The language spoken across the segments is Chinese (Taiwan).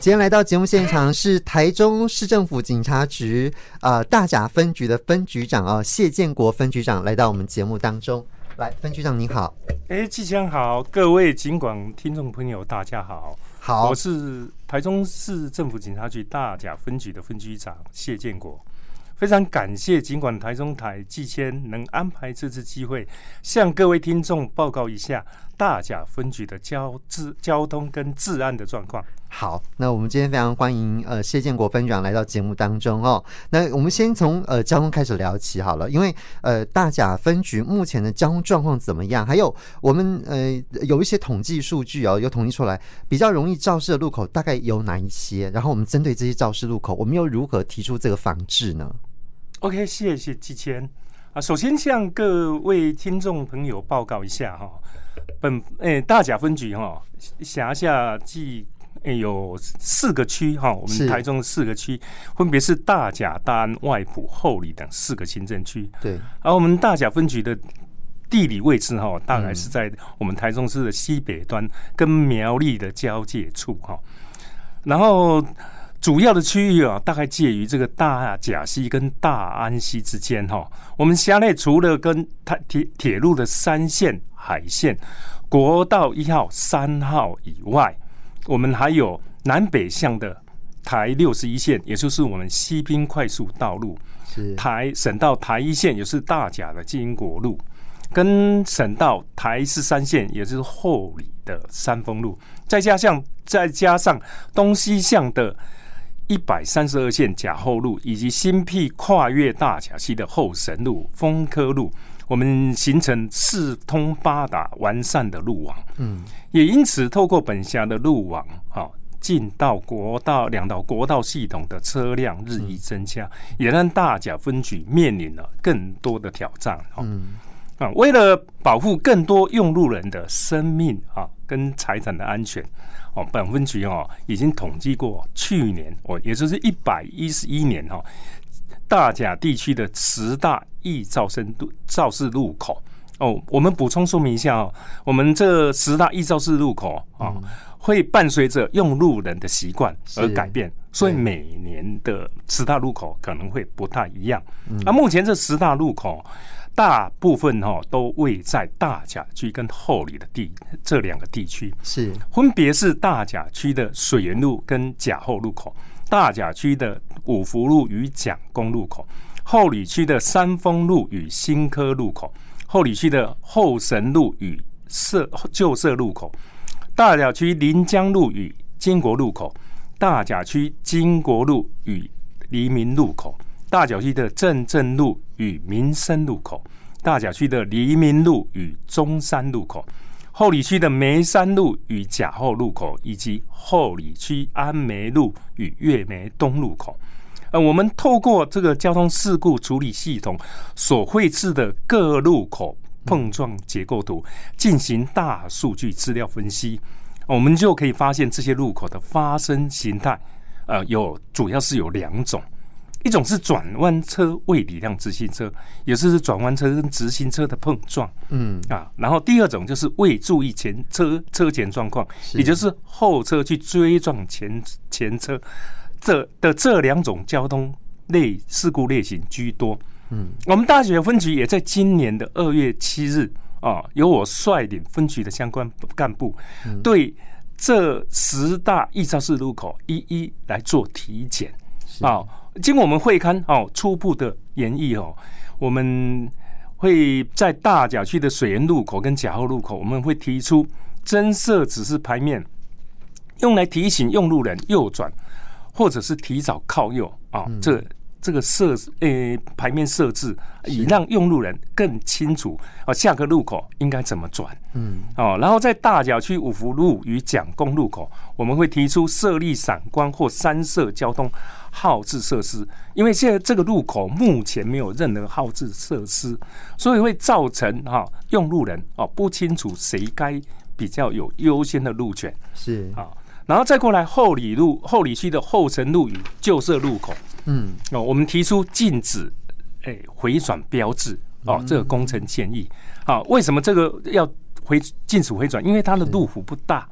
今天來到節目現場是台中市政府警察局啊、呃、大甲分局的分局長啊、哦、謝建國分局長來到我們節目當中，來分局長您好，哎季謙好，各位警廣聽眾朋友大家好，好，我是台中市政府警察局大甲分局的分局長謝建國，非常感謝警廣台中台季謙能安排這次機會向各位聽眾報告一下。大甲分局的交治、交通跟治安的狀況。好，那我們今天非常歡迎呃謝建國分局長來到節目當中哦。那我們先從呃交通開始聊起好了，因為呃大甲分局目前的交通狀況怎麼樣？還有我們呃有一些統計數據哦，有統計出來比較容易肇事的路口大概有哪一些？然後我們針對這些肇事路口，我們又如何提出這個防治呢？OK，謝謝季謙啊。首先向各位聽眾朋友報告一下哈、哦。本誒、欸、大甲分局哈、哦，轄下即誒、欸、有四個區哈，我們台中四個區，分別是大甲、大安、外埔、后里等四個行政區。對，而我們大甲分局的地理位置哈、哦，大概是在我們台中市的西北端，跟苗栗的交界處哈，然後。主要的區域啊，大概介於這個大甲溪跟大安溪之間哈。我們轄內除了跟台鐵鐵路的山線、海線、國道一號、三號以外，我們還有南北向的台六十一線，也就是我們西濱快速道路；是台省道台一線，也是大甲的經國路，跟省道台十三線，也是後里的三豐路。再加上再加上東西向的。一百三十二線甲後路以及新闢跨越大甲溪的後神路、豐科路，我們形成四通八達完善的路網。嗯，也因此透過本轄的路網，哈、哦，進到國道兩道國道系統的車輛日益增加、嗯，也讓大甲分局面臨了更多的挑戰。哈、哦。嗯啊、為了保護更多用路人的生命啊，跟財產的安全，哦、啊，本分局哦、啊、已經統計過去年哦，也就是一百一十一年哦、啊，大甲地區的十大易肇事路肇事路口哦。我們補充說明一下哦、啊，我們這十大易肇事路口啊，嗯、會伴隨着用路人的習慣而改變，所以每年的十大路口可能會不太一樣。那、嗯啊、目前這十大路口。大部分哈、哦、都位在大甲區跟后里的地這兩個地區，是分別是大甲區的水源路跟甲後路口，大甲區的五福路與蔣公路口，後里區的三豐路與新科星科路口，後里區的後神路與社舊社路口，大甲區臨江路與金國經國路口，大甲區金國經國路與黎明路口。大甲區的鎮政路與民生路口，大甲區的黎明路與中山路口，後里區的眉山路與甲後路口，以及后里區安眉路與月眉東路口。呃，我們透過這個交通事故處理系統所繪製的各路口碰撞結構圖進行大數據資料分析，呃，我們就可以發現這些路口的發生形態，呃，有主要是有兩種。一種是轉彎車未禮讓直行車，也就是轉彎車跟直行車的碰撞。嗯啊，然後第二種就是未注意前車車前狀況，也就是後車去追撞前前車。這的這兩種交通類事故類型居多。嗯，我們大甲分局也在今年的二月七日啊，由我率領分局的相關幹部、嗯，對這十大易肇事路口一一來做體檢啊。經過我們會勘哦，初步的研議哦，我們會在大甲區的水源路口跟甲後路口，我們會提出增設指示牌面，用來提醒用路人右轉，或者是提早靠右啊、嗯。這這個設誒牌面設置，以讓用路人更清楚哦，下個路口應該怎麼轉。嗯。哦，然後在大甲區五福路與蔣公路口，我們會提出設立閃光或三色交通。號誌設施，因為現在這個路口目前沒有任何號誌設施，所以會造成哈、啊、用路人哦、啊、不清楚誰該比較有優先的路權是啊，然後再過來，後里路，後里區的後神路與舊社路口，嗯，哦，我們提出禁止誒迴轉標誌、嗯、哦，這個工程建議啊，為什麼這個要迴，禁止迴轉？因為它的路幅不大。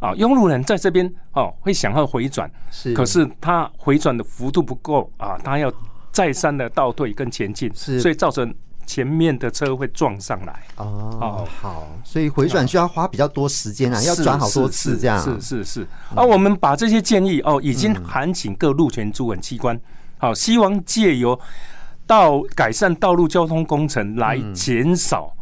啊，用路人在這邊哦，會想要回轉，是，可是他回轉的幅度不夠啊，他要再三的倒退跟前進，是，所以造成前面的車會撞上來。哦，哦好，所以回轉需要花比較多時間啊，要轉好多次這樣。是是是，是，是，而、嗯啊、我們把這些建議哦，已經函請各路權主管機關，好、嗯啊，希望借由到改善道路交通工程來減少、嗯。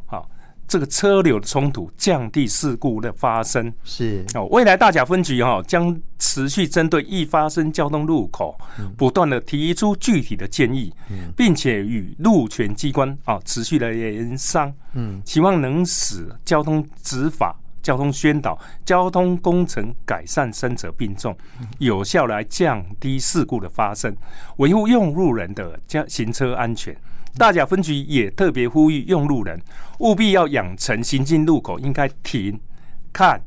這個車流的衝突，降低事故的發生。是哦，未來大甲分局哈、哦，將持續針對易發生交通路口，嗯、不斷的提出具體的建議，嗯、並且與路權機關啊、哦、持續的協商，嗯，希望能使交通執法。交通宣導、交通工程改善，三者並重，有效來降低事故的發生，維護用路人的行行車安全。大甲分局也特別呼籲用路人，務必要養成行進路口應該停、看、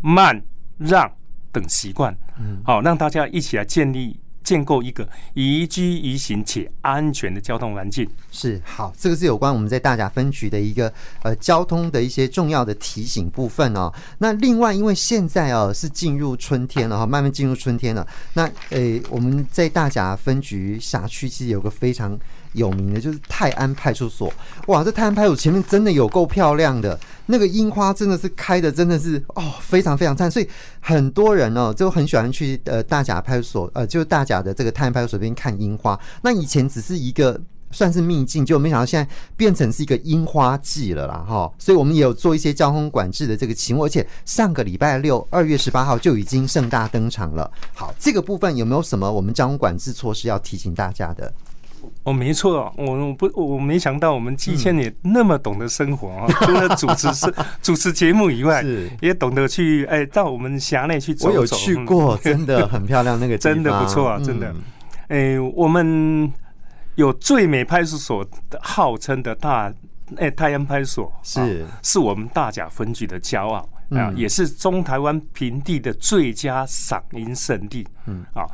慢、讓等習慣，好、哦、讓大家一起來建立，建構一個宜居宜行且安全的交通環境。是，好，這個是有關我們在大甲分局的一個呃交通的一些重要的提醒部分哦。那另外，因為現在哦是進入春天了哈，慢慢進入春天了。那呃，我們在大甲分局轄區其實有個非常有名的，就是泰安派出所。哇，這泰安派出所前面真的有夠漂亮的。那個櫻花真的是開的，真的是哦，非常非常讚，所以很多人哦就很喜歡去呃大甲派出所，呃，就是大甲的這個泰安派出所邊看櫻花。那以前只是一個算是秘境，就沒想到現在變成是一個櫻花季了啦哈。所以我們也有做一些交通管制的這個情況，而且上個禮拜六二月十八號就已經盛大登場了。好，這個部分有沒有什麼我們交通管制措施要提醒大家的？我、哦、沒錯，我不，我沒想到我們季謙你那麼懂得生活，除了主持是主持節目以外， 也懂得去哎到我們轄內去走走。我有去過，真的很漂亮那個地方 真的不錯啊，真的、嗯。哎，我們有最美派出所，號稱的大哎泰安派出所、啊、是是我們大甲分局的驕傲啊、嗯，也是中台灣平地的最佳賞櫻勝地、啊。嗯啊，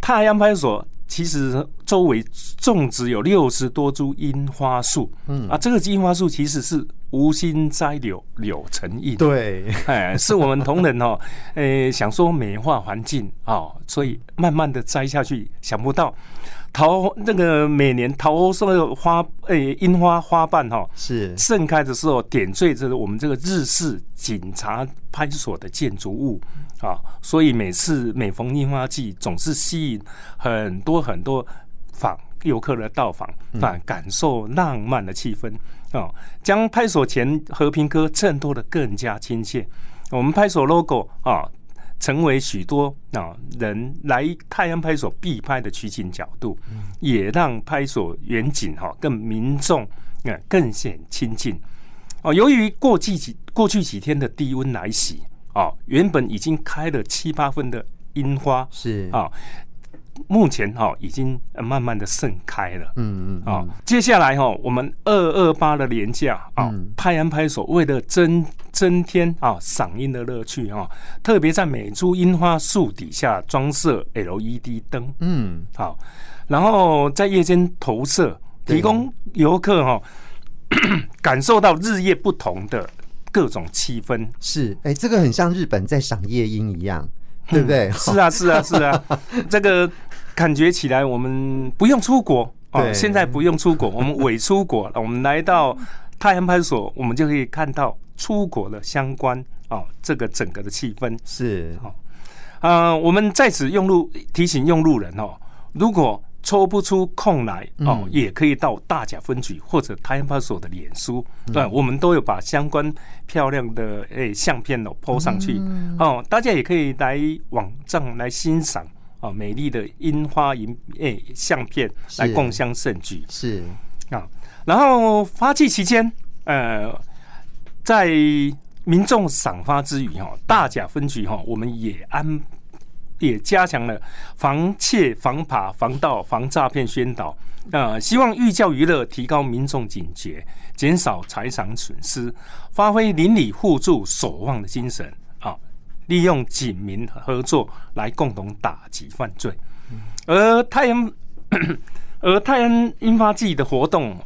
泰安派出所。其實周圍種植有六十多株櫻花樹，嗯，啊，這個櫻花樹其實是。無心栽柳，柳成蔭。對，哎，是我們同仁哦，誒、 欸，想說美化環境啊、哦，所以慢慢的栽下去，想不到桃那個每年桃樹花，誒、欸，櫻花花瓣哈、哦，是盛開的時候，點綴着我們這個日式警察派出所的建築物啊、哦，所以每次每逢櫻花季，總是吸引很多很多訪遊客來到訪，感受浪漫的氣氛。嗯嗯將派出所前和平鴿襯托得更加親切。我們派出所 logo 啊、哦，成為許多啊、哦、人來泰安派出所必拍的取景角度，嗯、也讓派出所遠景哈、哦、更民眾、嗯、更顯親近。哦，由於過去幾過去幾天的低溫來襲，啊、哦，原本已經開了七八分的櫻花是啊。哦目前哈、哦、已經慢慢的盛開了，嗯嗯，啊、哦，接下來哈、哦、我們二二八的連假啊，泰、哦、安、嗯、派出所，為了增增添啊賞櫻的樂趣哈、哦，特別在每株櫻花樹底下裝設 LED 燈，嗯，好、哦，然後在夜間投射，提供遊客哈、哦、 感受到日夜不同的各種氣氛，是，哎、欸，這個很像日本在賞夜櫻一樣，嗯，對不對？是啊是啊是啊，是啊 這個。感覺起來，我們不用出國哦、喔。現在不用出國，我們偽出國。我們來到泰安派出所，我們就可以看到出國的相關哦、喔，這個整個的氣氛，是哦。我們在此用路提醒用路人哦、喔，如果抽不出空來哦、喔，也可以到大甲分局或者泰安派出所的臉書，對，我們都有把相關漂亮的相片哦、喔、PO 上去哦、喔，大家也可以來網站來欣賞。哦，美麗的櫻花銀誒相片來共襄盛舉是，是啊，然後花季期間，呃，在民眾賞花之餘哈，大甲分局哈，我們也安也加強了防竊、防扒、防盜、防詐騙宣導，啊、呃，希望寓教於樂，提高民眾警覺，減少財產損失，發揮鄰里互助守望的精神。利用警民合作來共同打擊犯罪，而泰安，而泰安櫻花季的活動，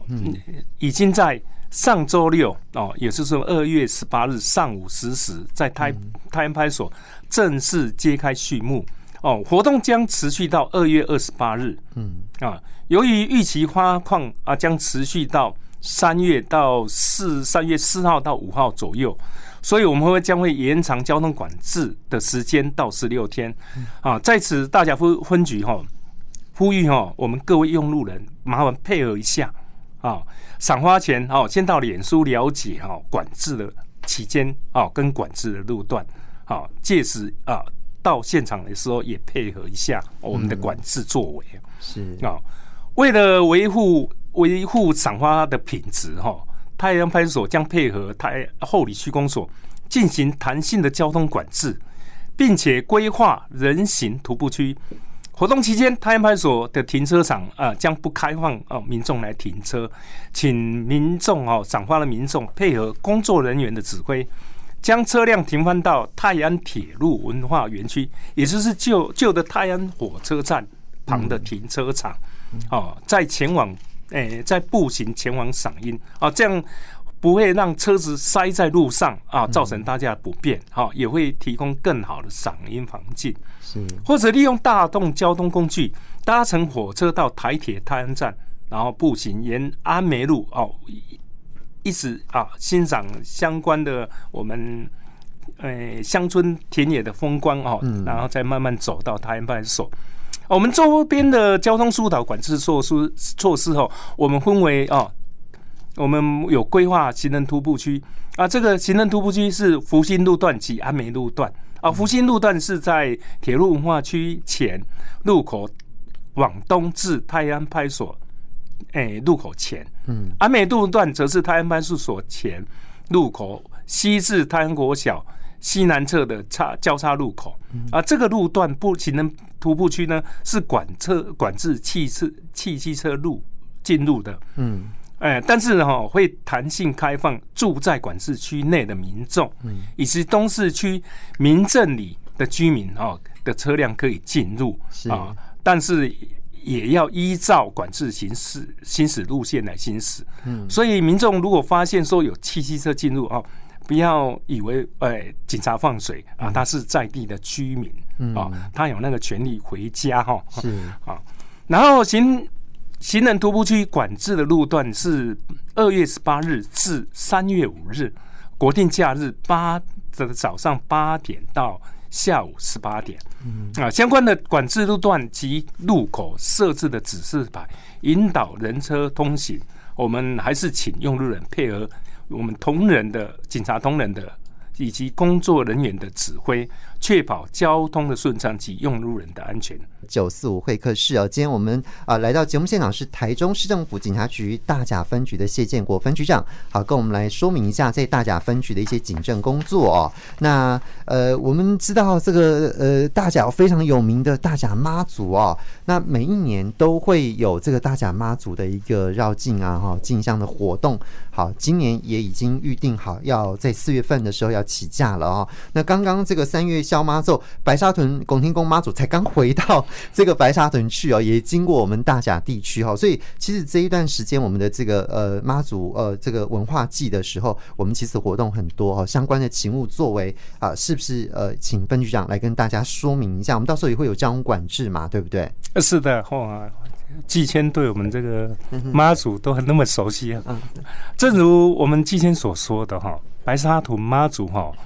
已經在上周六哦，也就是說二月十八日上午十時，時，在泰泰安派出所正式揭開序幕哦，活動將持續到二月二十八日，嗯啊，由於預期花況啊將持續到三月到四三月四號到五號左右。所以我們會將會延長交通管制的時間到十六天，啊，在此大甲分分局吼呼籲吼，我們各位用路人麻煩配合一下啊，賞花前哦先到臉書了解哈、啊、管制的期間啊跟管制的路段，好，屆時啊到現場的時候也配合一下我們的管制作為是啊，為了維護維護賞花的品質哈。泰安派出所將配合台后里區公所進行彈性的交通管制，並且規劃人行徒步區。活動期間，泰安派出所的停車場啊將、呃、不開放哦、呃，民眾來停車，請民眾哦賞花的民眾配合工作人員的指揮，將車輛停放到泰安鐵路文化園區，也就是舊舊的泰安火車站旁的停車場、嗯、哦，再前往。哎、在步行前往賞櫻啊，這樣不會讓車子塞在路上啊，造成大家不便。哈、哦，也會提供更好的賞櫻環境。是，或者利用大眾交通工具搭乘火車到台鐵泰安站，然後步行沿安眉路哦，一直啊欣賞相關的我們哎、鄉村田野的風光哦、嗯，然後再慢慢走到泰安派出所。我們周邊的交通疏導管制措施措施吼，我們分為啊，我們有規劃行人徒步區啊，這個行人徒步區是福興路段及安眉路段啊，福興路段是在鐵路文化區前路口往東至泰安派出所誒路口前，嗯，安眉路段則是泰安派出所前路口西至泰安國小西南側的叉交叉路口，嗯、啊，這個路段不行人徒步區呢，是管車管制汽車汽汽車，車路進入的。嗯，哎，欸，但是哈，哦，會彈性開放住在管制區內的民眾，嗯，以及東市區民政里的居民哦，的車輛可以進入啊，但是也要依照管制行駛行駛路線來行駛。嗯，所以民眾如果發現說有汽汽車進入哦。不要以為哎，警察放水啊！他是在地的居民啊、嗯哦，他有那個權利回家哈。是啊，然後行行人徒步區管制的路段是二月十八日至三月五日，國定假日八這個早上八點到下午十八點。嗯啊，相關的管制路段及路口設置的指示牌，引導人車通行。我們還是請用路人配合。我們同仁的警察同仁的以及工作人員的指揮。確保交通的順暢及用路人的安全。九四五會客室哦，今天我們啊來到節目現場是台中市政府警察局大甲分局的謝建國分局長，好，跟我們來說明一下在大甲分局的一些警政工作哦。那呃，我們知道這個呃大甲非常有名的大甲媽祖哦，那每一年都會有這個大甲媽祖的一個繞境啊哈進香的活動。好，今年也已經預定好要在四月份的時候要起駕了哦。那剛剛這個三月。媽祖白沙屯拱天宮媽祖才剛回到這個白沙屯去哦、喔，也經過我們大甲地區哈，所以其實這一段時間我們的這個呃媽祖呃這個文化祭的時候，我們其實活動很多哈、喔，相關的勤務作為啊，是不是呃，請分局長來跟大家說明一下，我們到時候也會有交通管制嘛，對不對？是的，哈、哦啊，季謙對我們這個媽祖都很那麼熟悉，嗯，正如我們季謙所說的哈、喔，白沙屯媽祖哈、喔。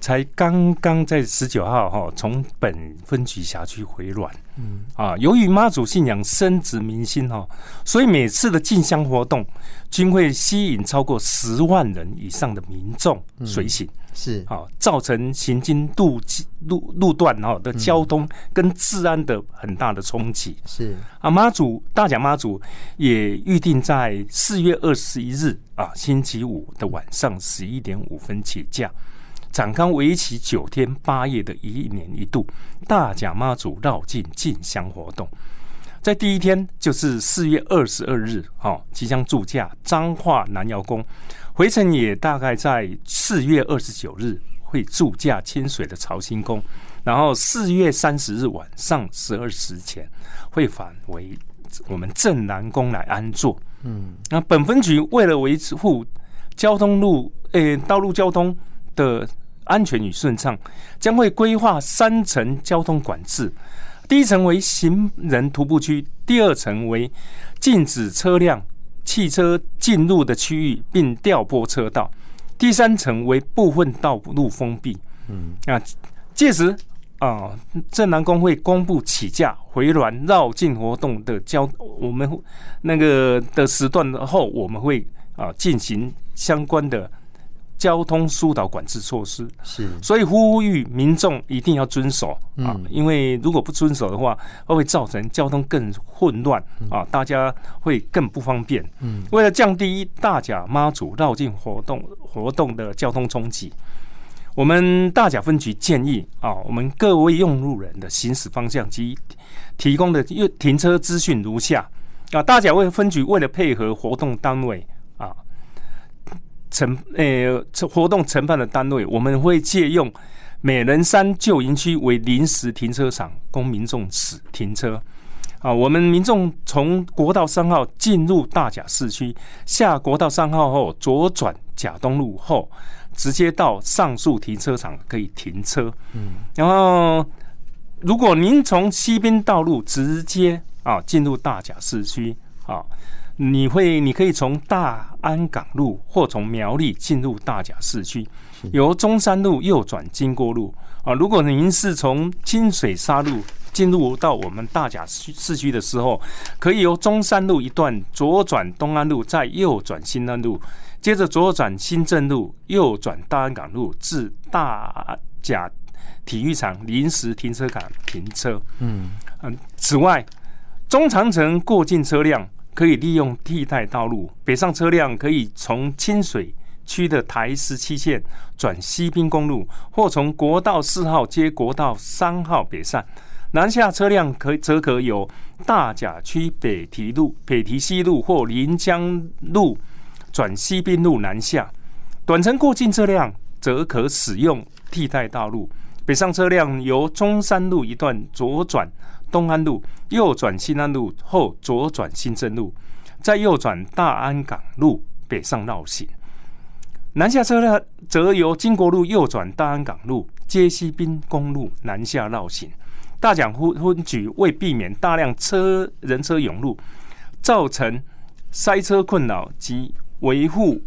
才剛剛在十九號哈、哦,從本分局轄區回暖、嗯。啊,由於媽祖信仰深植民心哈、哦,所以每次的進香活動均會吸引超過十萬人以上的民眾隨行。嗯、是啊,造成行經路路路段哈的交通跟治安的很大的衝擊。嗯、是啊,媽祖大甲媽祖也預定在四月二十一日啊星期五的晚上十一點五分起駕展開為期九天八夜的一年一度大甲媽祖繞境進香活動，在第一天就是四月二十二日，哈，即將駐駕彰化南瑤宮，回程也大概在四月二十九日會駐駕清水的朝興宮，然後四月三十日晚上十二時前會返回我們鎮瀾宮來安坐。嗯，那本分局為了維護交通路，誒、欸，道路交通。的安全與順暢，將會規劃三層交通管制，第一層為行人徒步區，第二層為禁止車輛、汽車進入的區域，並調撥車道，第三層為部分道路封閉。嗯，啊，屆時啊，鎮瀾宮會公布起駕回銮繞境活動的交我們那個的時段後，我們會啊進行相關的。交通疏導管制措施是，所以呼籲民眾一定要遵守、嗯、啊，因為如果不遵守的話，會，會造成交通更混亂啊，大家會更不方便。嗯、為了降低大甲媽祖繞境活動活動的交通衝擊，我們大甲分局建議啊，我們各位用路人的行駛方向及提供的停車資訊如下啊，大甲為分局為了配合活動單位啊。承呃，活動承辦的單位，我們會借用美人山舊營區為臨時停車場，供民眾使停車。啊，我們民眾從國道三號進入大甲市區，下國道三號後左轉甲東路後，直接到上述停車場可以停車。嗯，然後如果您從西濱道路直接啊進入大甲市區，啊。你會，你可以從大安港路或從苗栗進入大甲市區，由中山路右轉經國路。啊，如果您是從清水沙路進入到我們大甲市區的時候，可以由中山路一段左轉東安路，再右轉新南路，接着左轉新鎮路，右轉大安港路至大甲體育場臨時停車場停車。嗯嗯。此外，中長程過境車輛。可以利用替代道路，北上車輛可以從清水區的台十七線轉西濱公路，或從國道四號接國道三號北上；南下車輛可則可由大甲區北堤路、北堤西路或臨江路轉西濱路南下。短程過境車輛則可使用替代道路，北上車輛由中山路一段左轉。東安路右轉新安路後左轉新鎮路，再右轉大安港路北上繞行；南下車呢，則由經國路右轉大安港路接西濱公路南下繞行。大甲分分局為避免大量車人車湧入造成塞車困擾及維護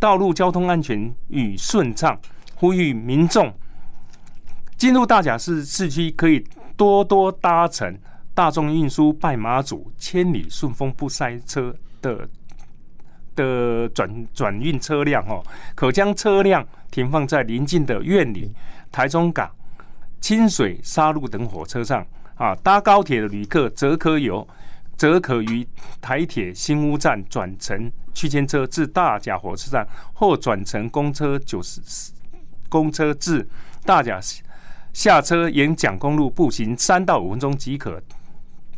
道路交通安全與順暢，呼籲民眾進入大甲市市區可以。多多搭乘大眾運輸，拜媽祖千里順風不塞車的的轉轉運車輛，哈，可將車輛停放在鄰近的苑裡、台中港、清水、沙鹿等火車站。啊，搭高鐵的旅客則可由則可於台鐵新屋站轉乘區間車至大甲火車站，或轉乘公車九十公車至大甲。下車沿蔣公路步行三到五分鐘即可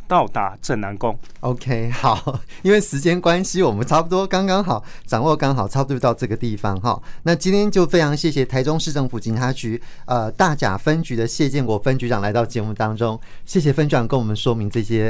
到達鎮瀾宮。OK，好，因為時間關係，我們差不多剛剛好掌握，剛好差不多到這個地方哈。那今天就非常謝謝台中市政府警察局呃大甲分局的謝建國分局長來到節目當中，謝謝分局長跟我們說明這些。